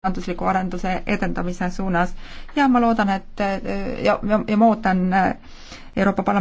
majandusliku arenduse edendamise suunas ja ma loodan, et ja, ja, ja ma ootan äh, Euroopa Parlamendi